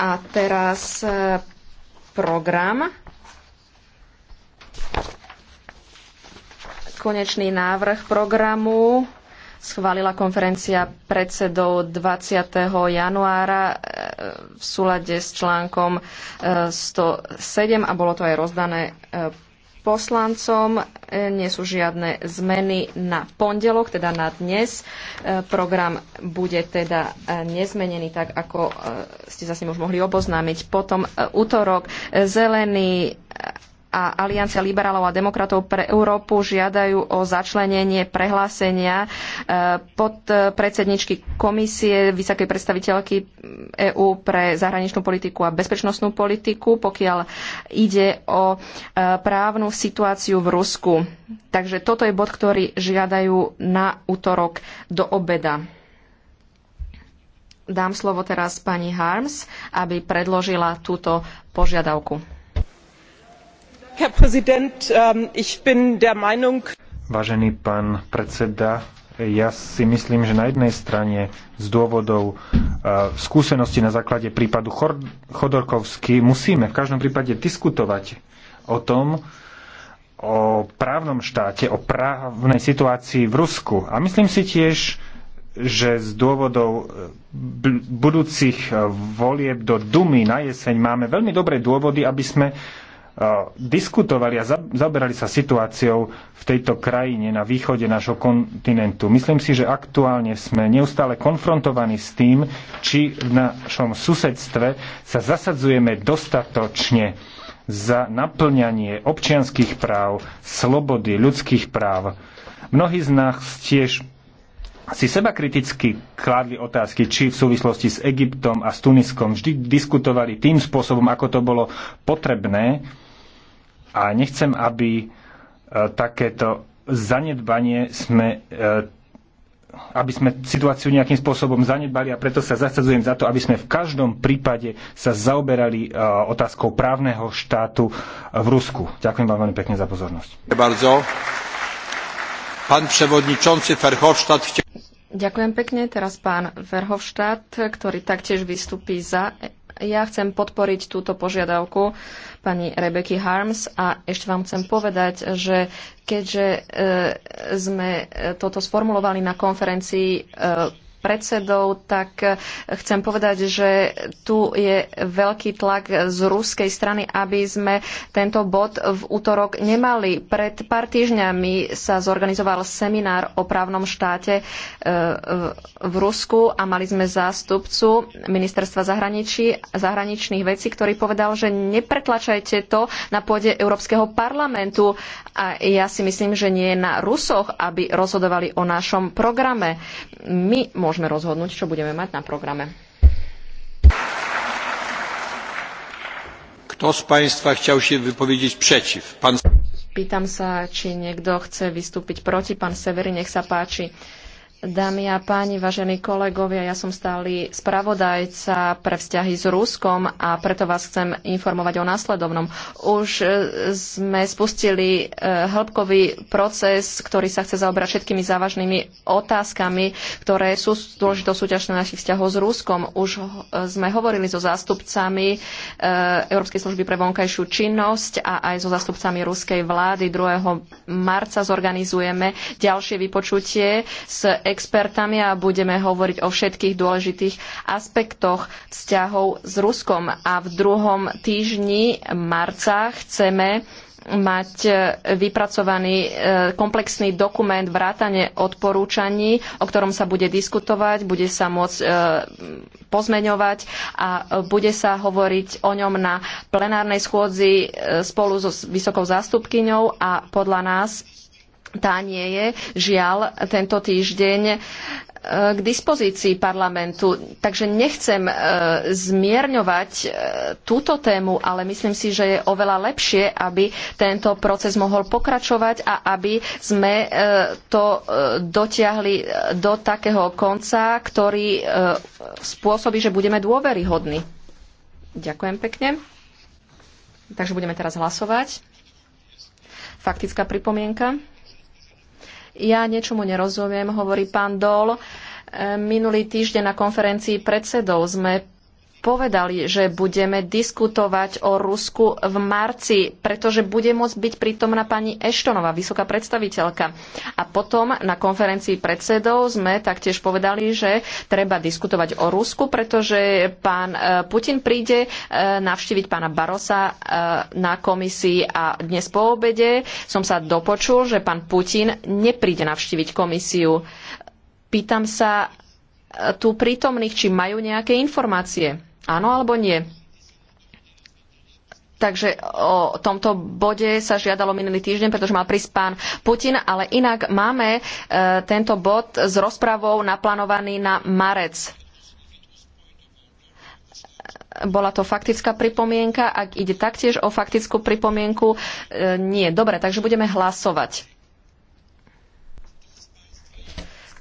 A teraz e, program. Konečný návrh programu schválila konferencia predsedov 20. januára e, v súlade s článkom 107 e, a bolo to aj rozdané poslancom. E, nie sú žiadne zmeny na pondelok, teda na dnes. E, program bude teda e, nezmenený tak, ako ste sa s ním už mohli oboznámiť. Potom útorok zelený a Aliancia liberálov a demokratov pre Európu žiadajú o začlenenie prehlásenia e, pod predsedničky komisie vysokej predstaviteľky EÚ pre zahraničnú politiku a bezpečnostnú politiku, pokiaľ ide o e, právnu situáciu v Rusku. Takže toto je bod, ktorý žiadajú na útorok do obeda. Dám slovo teraz pani Harms, aby predložila túto požiadavku herr präsident! Ähm, ich bin der meinung vážený pán predseda ja si myslím že na jednej strane z dôvodov uh, skúsenosti na základe prípadu Chodorkovsky musíme v každom prípade diskutovať o tom o právnom štáte, o právnej situácii v Rusku. A myslím si tiež, že z dôvodov e, budúcich e, volieb do Dumy na jeseň máme veľmi dobré dôvody, aby sme diskutovali a zaberali sa situáciou v tejto krajine na východe nášho kontinentu. Myslím si, že aktuálne sme neustále konfrontovaní s tým, či v našom susedstve sa zasadzujeme dostatočne za naplňanie občianských práv, slobody, ľudských práv. Mnohí z nás tiež si seba kriticky kládli otázky, či v súvislosti s Egyptom a s Tuniskom vždy diskutovali tým spôsobom, ako to bolo potrebné, a nechcem, aby e, takéto zanedbanie sme e, aby sme situáciu nejakým spôsobom zanedbali a preto sa zasadzujem za to, aby sme v každom prípade sa zaoberali e, otázkou právneho štátu v Rusku. Ďakujem vám veľmi pekne za pozornosť. Ďakujem pekne. Teraz pán Verhofštát, ktorý taktiež vystupí za ja chcem podporiť túto požiadavku pani Rebeky Harms a ešte vám chcem povedať, že keďže e, sme e, toto sformulovali na konferencii e, predsedov, tak eh, chcem povedať, že tu je veľký tlak z ruskej strany, aby sme tento bod v útorok nemali. Pred pár týždňami sa zorganizoval seminár o právnom štáte eh, v Rusku a mali sme zástupcu ministerstva zahraničí, zahraničných vecí, ktorý povedal, že nepretlačajte to na pôde Európskeho parlamentu a ja si myslím, že nie je na Rusoch, aby rozhodovali o našom programe. My môžeme rozhodnúť, čo budeme mať na programe. Kto z Państwa chciał się wypowiedzieć przeciw? Pan... Pýtam sa, či niekto chce vystúpiť proti. Pán Severy, nech sa páči. Dámy a páni, vážení kolegovia, ja som stály spravodajca pre vzťahy s Ruskom a preto vás chcem informovať o následovnom. Už e, sme spustili e, hĺbkový proces, ktorý sa chce zaobrať všetkými závažnými otázkami, ktoré sú dôležitou súťažnou našich vzťahov s Ruskom. Už e, sme hovorili so zástupcami Európskej služby pre vonkajšiu činnosť a aj so zástupcami ruskej vlády. 2. marca zorganizujeme ďalšie vypočutie s expertami a budeme hovoriť o všetkých dôležitých aspektoch vzťahov s Ruskom. A v druhom týždni marca chceme mať e, vypracovaný e, komplexný dokument vrátane odporúčaní, o ktorom sa bude diskutovať, bude sa môcť e, pozmeňovať a bude sa hovoriť o ňom na plenárnej schôdzi spolu so vysokou zástupkyňou a podľa nás tá nie je žiaľ tento týždeň e, k dispozícii parlamentu. Takže nechcem e, zmierňovať e, túto tému, ale myslím si, že je oveľa lepšie, aby tento proces mohol pokračovať a aby sme to dotiahli do takého konca, ktorý spôsobí, že budeme dôveryhodní. Ďakujem pekne. Takže budeme teraz hlasovať. Faktická pripomienka. Ja niečomu nerozumiem, hovorí pán Dol. E, minulý týždeň na konferencii predsedov sme povedali, že budeme diskutovať o Rusku v marci, pretože bude môcť byť prítomná pani Eštonová, vysoká predstaviteľka. A potom na konferencii predsedov sme taktiež povedali, že treba diskutovať o Rusku, pretože pán e, Putin príde e, navštíviť pána Barosa e, na komisii a dnes po obede som sa dopočul, že pán Putin nepríde navštíviť komisiu. Pýtam sa tu prítomných, či majú nejaké informácie. Áno alebo nie? Takže o tomto bode sa žiadalo minulý týždeň, pretože mal prísť pán Putin, ale inak máme e, tento bod s rozpravou naplánovaný na marec. Bola to faktická pripomienka. Ak ide taktiež o faktickú pripomienku, e, nie. Dobre, takže budeme hlasovať.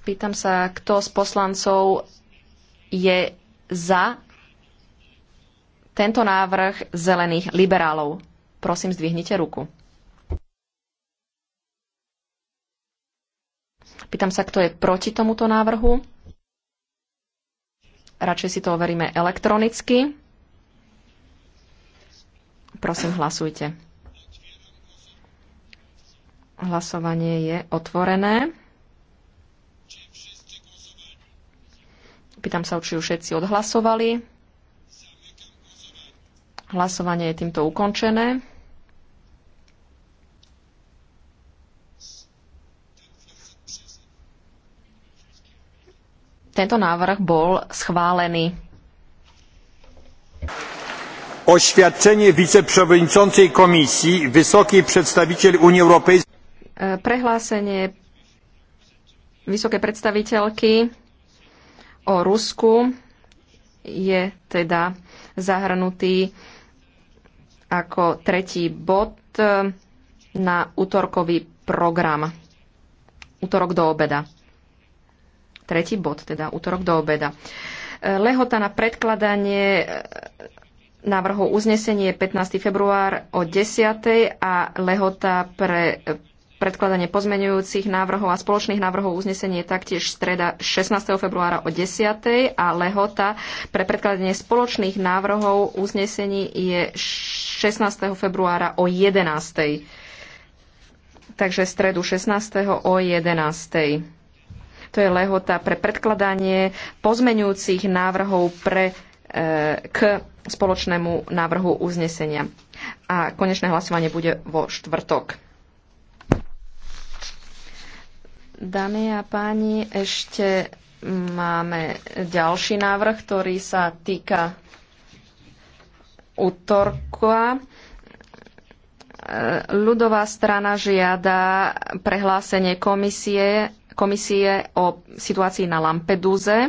Pýtam sa, kto z poslancov je za tento návrh zelených liberálov. Prosím, zdvihnite ruku. Pýtam sa, kto je proti tomuto návrhu. Radšej si to overíme elektronicky. Prosím, hlasujte. Hlasovanie je otvorené. Pýtam sa, či už všetci odhlasovali. Hlasovanie je týmto ukončené. Tento návrh bol schválený. Oświadczenie wiceprzewodniczącej komisii, vysoký predstaviteľ Unii Europejskiej. E, prehlásenie vysoké predstaviteľky o Rusku je teda zahrnutý ako tretí bod e, na útorkový program. Útorok do obeda. Tretí bod, teda útorok do obeda. E, lehota na predkladanie e, návrhov uznesenie je 15. február o 10. a lehota pre Predkladanie pozmenujúcich návrhov a spoločných návrhov uznesení je taktiež streda 16. februára o 10. a lehota pre predkladanie spoločných návrhov uznesení je 16. februára o 11. Takže stredu 16. o 11. To je lehota pre predkladanie pozmenujúcich návrhov pre, e, k spoločnému návrhu uznesenia. A konečné hlasovanie bude vo štvrtok. Dámy a páni, ešte máme ďalší návrh, ktorý sa týka útorka. Ľudová strana žiada prehlásenie komisie, komisie o situácii na Lampeduze.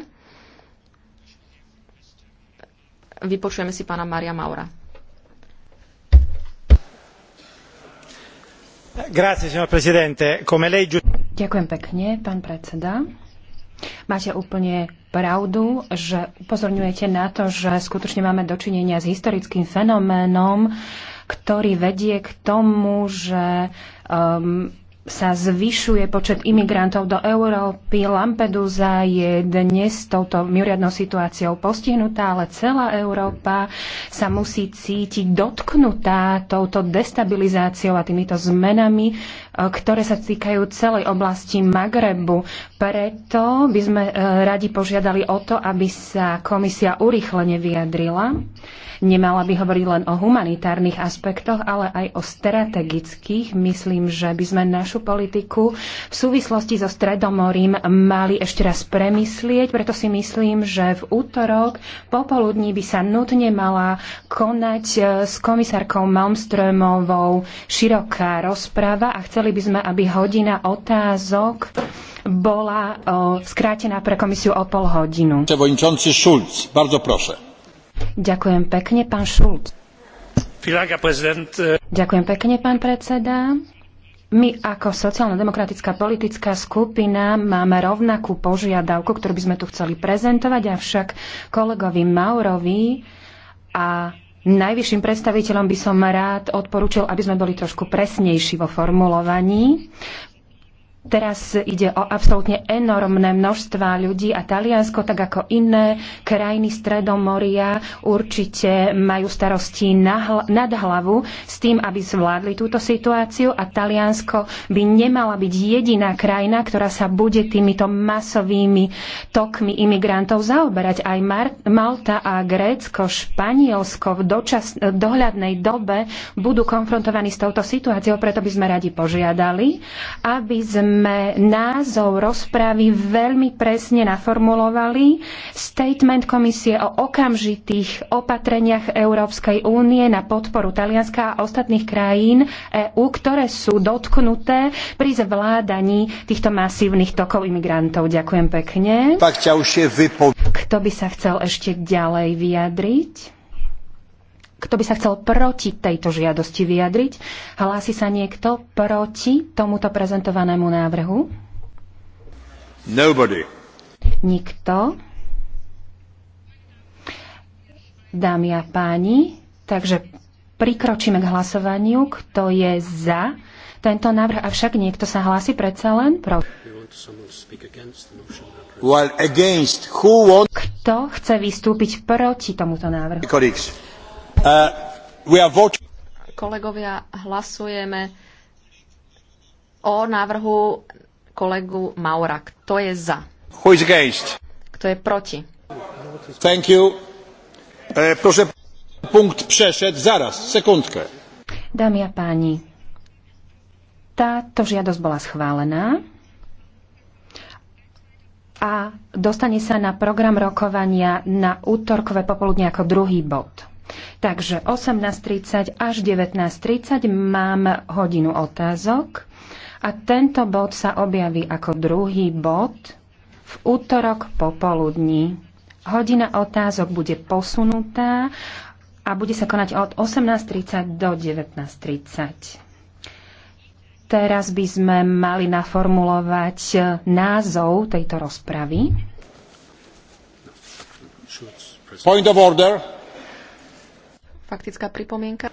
Vypočujeme si pána Maria Maura. Grazie, signor Presidente. Come lei Ďakujem pekne, pán predseda. Máte úplne pravdu, že upozorňujete na to, že skutočne máme dočinenia s historickým fenoménom, ktorý vedie k tomu, že um, sa zvyšuje počet imigrantov do Európy. Lampedusa je dnes touto mimoriadnou situáciou postihnutá, ale celá Európa sa musí cítiť dotknutá touto destabilizáciou a týmito zmenami E, ktoré sa týkajú celej oblasti Magrebu. Preto by sme e, radi požiadali o to, aby sa komisia urýchlene vyjadrila. Nemala by hovoriť len o humanitárnych aspektoch, ale aj o strategických. Myslím, že by sme našu politiku v súvislosti so Stredomorím mali ešte raz premyslieť, preto si myslím, že v útorok popoludní by sa nutne mala konať e, s komisárkou Malmströmovou široká rozpráva a chcem Chceli by sme, aby hodina otázok bola o, skrátená pre komisiu o pol hodinu. Šulc, bardzo proszę. Ďakujem pekne, pán Šulc. E, Ďakujem pekne, pán predseda. My ako sociálno-demokratická politická skupina máme rovnakú požiadavku, ktorú by sme tu chceli prezentovať, avšak kolegovi Maurovi a najvyšším predstaviteľom by som rád odporúčil, aby sme boli trošku presnejší vo formulovaní. Teraz ide o absolútne enormné množstva ľudí a Taliansko, tak ako iné krajiny Stredomoria, určite majú starosti nad hlavu s tým, aby zvládli túto situáciu a Taliansko by nemala byť jediná krajina, ktorá sa bude týmito masovými tokmi imigrantov zaoberať. Aj Malta a Grécko, Španielsko v dočas, dohľadnej dobe budú konfrontovaní s touto situáciou, preto by sme radi požiadali, aby sme sme názov rozpravy veľmi presne naformulovali. Statement komisie o okamžitých opatreniach Európskej únie na podporu Talianska a ostatných krajín EÚ, ktoré sú dotknuté pri zvládaní týchto masívnych tokov imigrantov. Ďakujem pekne. Kto by sa chcel ešte ďalej vyjadriť? kto by sa chcel proti tejto žiadosti vyjadriť? Hlási sa niekto proti tomuto prezentovanému návrhu? Nobody. Nikto. Dámy a páni, takže prikročíme k hlasovaniu, kto je za tento návrh, avšak niekto sa hlási predsa len proti. Kto chce vystúpiť proti tomuto návrhu? Uh, Kolegovia, hlasujeme o návrhu kolegu Maura. Kto je za? Who is against? Kto je proti? Thank you. E, proszę, punkt przeszedł. Zaraz, sekundkę. Dámy a páni, táto žiadosť bola schválená a dostane sa na program rokovania na útorkové popoludne ako druhý bod. Takže 18.30 až 19.30 mám hodinu otázok a tento bod sa objaví ako druhý bod v útorok popoludní. Hodina otázok bude posunutá a bude sa konať od 18.30 do 19.30. Teraz by sme mali naformulovať názov tejto rozpravy. Point of order. Faktická pripomienka.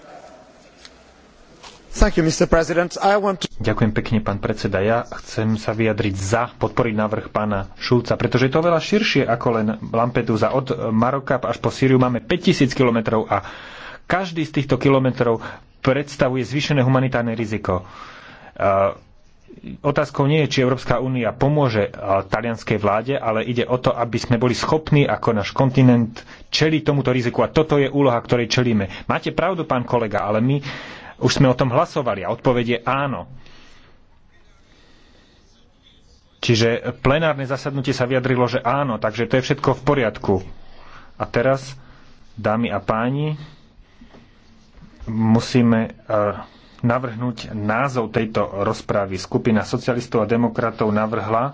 Ďakujem pekne, pán predseda. Ja chcem sa vyjadriť za podporiť návrh pána Šulca, pretože je to veľa širšie ako len Lampedusa. Od Maroka až po Sýriu máme 5000 kilometrov a každý z týchto kilometrov predstavuje zvýšené humanitárne riziko. Uh, otázkou nie je, či Európska únia pomôže eh, talianskej vláde, ale ide o to, aby sme boli schopní ako náš kontinent čeliť tomuto riziku. A toto je úloha, ktorej čelíme. Máte pravdu, pán kolega, ale my už sme o tom hlasovali a odpovedie áno. Čiže plenárne zasadnutie sa vyjadrilo, že áno, takže to je všetko v poriadku. A teraz, dámy a páni, musíme uh, navrhnúť názov tejto rozpravy. Skupina socialistov a demokratov navrhla e,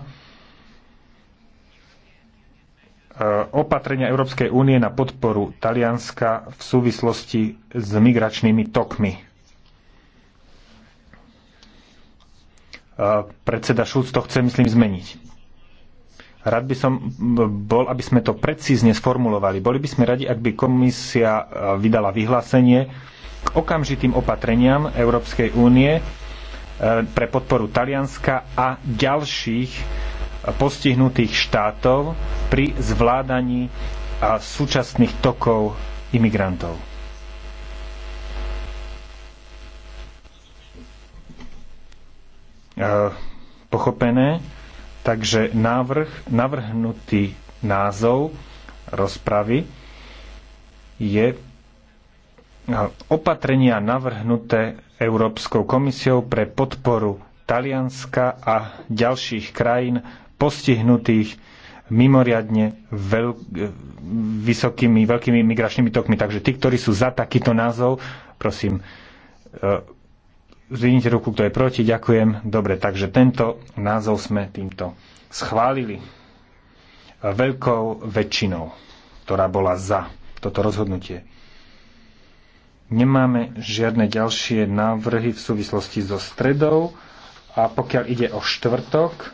opatrenia Európskej únie na podporu Talianska v súvislosti s migračnými tokmi. E, predseda Šulc to chce, myslím, zmeniť. Rád by som bol, aby sme to precízne sformulovali. Boli by sme radi, ak by komisia e, vydala vyhlásenie, k okamžitým opatreniam Európskej únie e, pre podporu Talianska a ďalších e, postihnutých štátov pri zvládaní e, súčasných tokov imigrantov. Pochopené, takže návrh, navrhnutý názov rozpravy je opatrenia navrhnuté Európskou komisiou pre podporu Talianska a ďalších krajín postihnutých mimoriadne veľ, vysokými, veľkými migračnými tokmi. Takže tí, ktorí sú za takýto názov, prosím, e, zvinite ruku, kto je proti, ďakujem. Dobre, takže tento názov sme týmto schválili e, veľkou väčšinou, ktorá bola za toto rozhodnutie. Nemáme žiadne ďalšie návrhy v súvislosti so stredou a pokiaľ ide o štvrtok, e,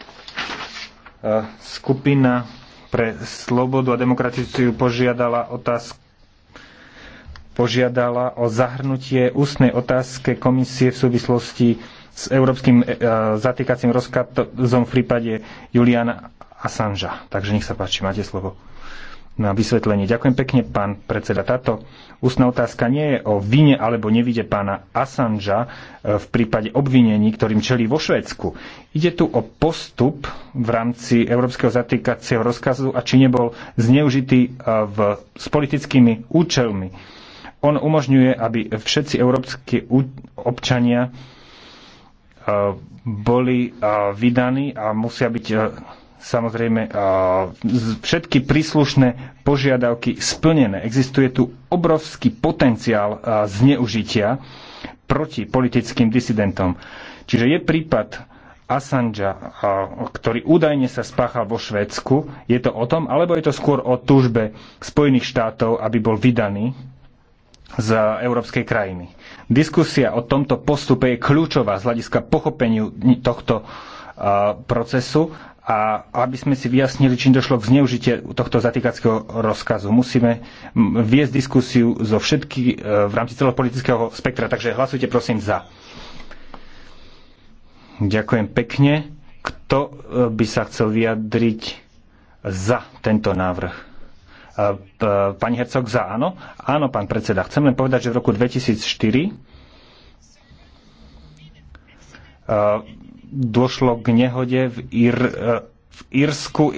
skupina pre slobodu a demokratizáciu požiadala otázku požiadala o zahrnutie ústnej otázke komisie v súvislosti s európskym e, e, zatýkacím rozkazom v prípade Juliana Assangea. Takže nech sa páči, máte slovo na vysvetlenie. Ďakujem pekne, pán predseda. Táto ústna otázka nie je o vine alebo nevide pána Assangea e, v prípade obvinení, ktorým čelí vo Švédsku. Ide tu o postup v rámci Európskeho zatýkacieho rozkazu a či nebol zneužitý e, v, s politickými účelmi. On umožňuje, aby všetci európsky občania e, boli vydaní a musia byť samozrejme všetky príslušné požiadavky splnené. Existuje tu obrovský potenciál zneužitia proti politickým disidentom. Čiže je prípad Assange, ktorý údajne sa spáchal vo Švédsku. Je to o tom, alebo je to skôr o túžbe Spojených štátov, aby bol vydaný z európskej krajiny. Diskusia o tomto postupe je kľúčová z hľadiska pochopeniu tohto procesu a aby sme si vyjasnili, či došlo k zneužitiu tohto zatýkackého rozkazu. Musíme viesť diskusiu zo všetky e, v rámci celého politického spektra, takže hlasujte prosím za. Ďakujem pekne. Kto e, by sa chcel vyjadriť za tento návrh? E, pani Hercog za áno. Áno, pán predseda. Chcem len povedať, že v roku 2004 došlo k nehode v, Ir, v Irsku,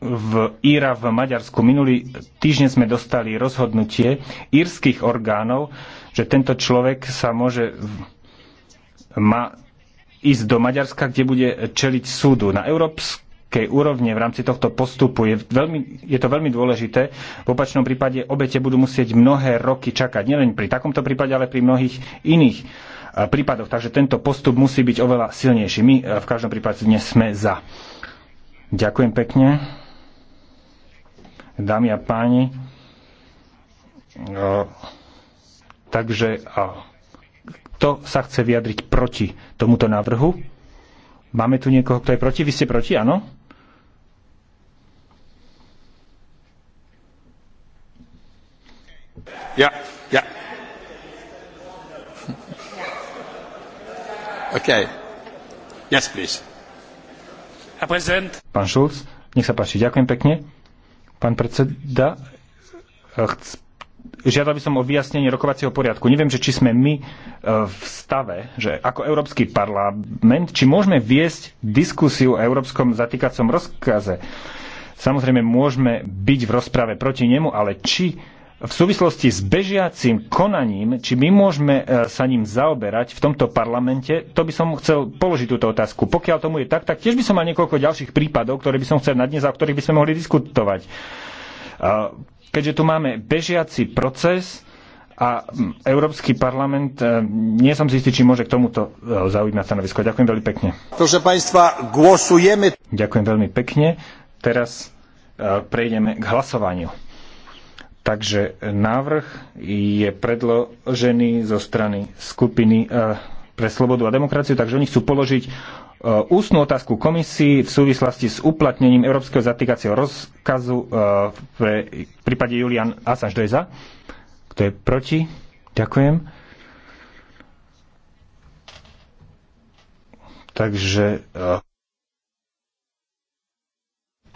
v Ira v Maďarsku. Minulý týždeň sme dostali rozhodnutie írskych orgánov, že tento človek sa môže ma ísť do Maďarska, kde bude čeliť súdu. Na európsku akej úrovne v rámci tohto postupu. Je, veľmi, je to veľmi dôležité. V opačnom prípade obete budú musieť mnohé roky čakať. Nielen pri takomto prípade, ale pri mnohých iných eh, prípadoch. Takže tento postup musí byť oveľa silnejší. My eh, v každom prípade dnes sme za. Ďakujem pekne. Dámy a páni. Eh, takže kto sa chce vyjadriť proti tomuto návrhu? Máme tu niekoho, kto je proti? Vy ste proti, áno? Ja, ja. Okay. Yes, please. Herr Präsident. Pán Šulc, nech sa páči, ďakujem pekne. Pán predseda, e, žiadal by som o vyjasnenie rokovacieho poriadku. Neviem, že či sme my e, v stave, že ako Európsky parlament, či môžeme viesť diskusiu o Európskom zatýkacom rozkaze. Samozrejme, môžeme byť v rozprave proti nemu, ale či v súvislosti s bežiacim konaním, či my môžeme e, sa ním zaoberať v tomto parlamente, to by som chcel položiť túto otázku. Pokiaľ tomu je tak, tak tiež by som mal niekoľko ďalších prípadov, ktoré by som chcel dnes a o ktorých by sme mohli diskutovať. E, keďže tu máme bežiaci proces a Európsky parlament, e, nie som si istý, či môže k tomuto zaujímať stanovisko. Ďakujem veľmi pekne. Proszę pánstva, głosujemy. Ďakujem veľmi pekne. Teraz prejdeme k hlasovaniu. Takže návrh je predložený zo strany skupiny eh, pre slobodu a demokraciu, takže oni chcú položiť eh, ústnu otázku komisii v súvislosti s uplatnením Európskeho zatýkacieho rozkazu eh, v prípade Julian Assange. Kto je za? Kto je proti? Ďakujem. Takže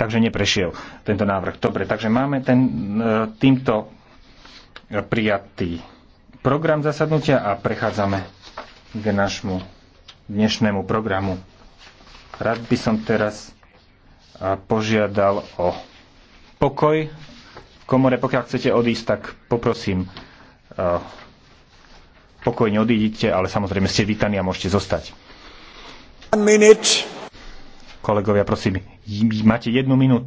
takže neprešiel tento návrh. Dobre, takže máme ten, e, týmto prijatý program zasadnutia a prechádzame k našmu dnešnému programu. Rád by som teraz e, požiadal o pokoj v komore. Pokiaľ chcete odísť, tak poprosím, e, pokojne odídite, ale samozrejme ste vítani a môžete zostať. One minute. Kolegovia, prosím, máte jednu minútu.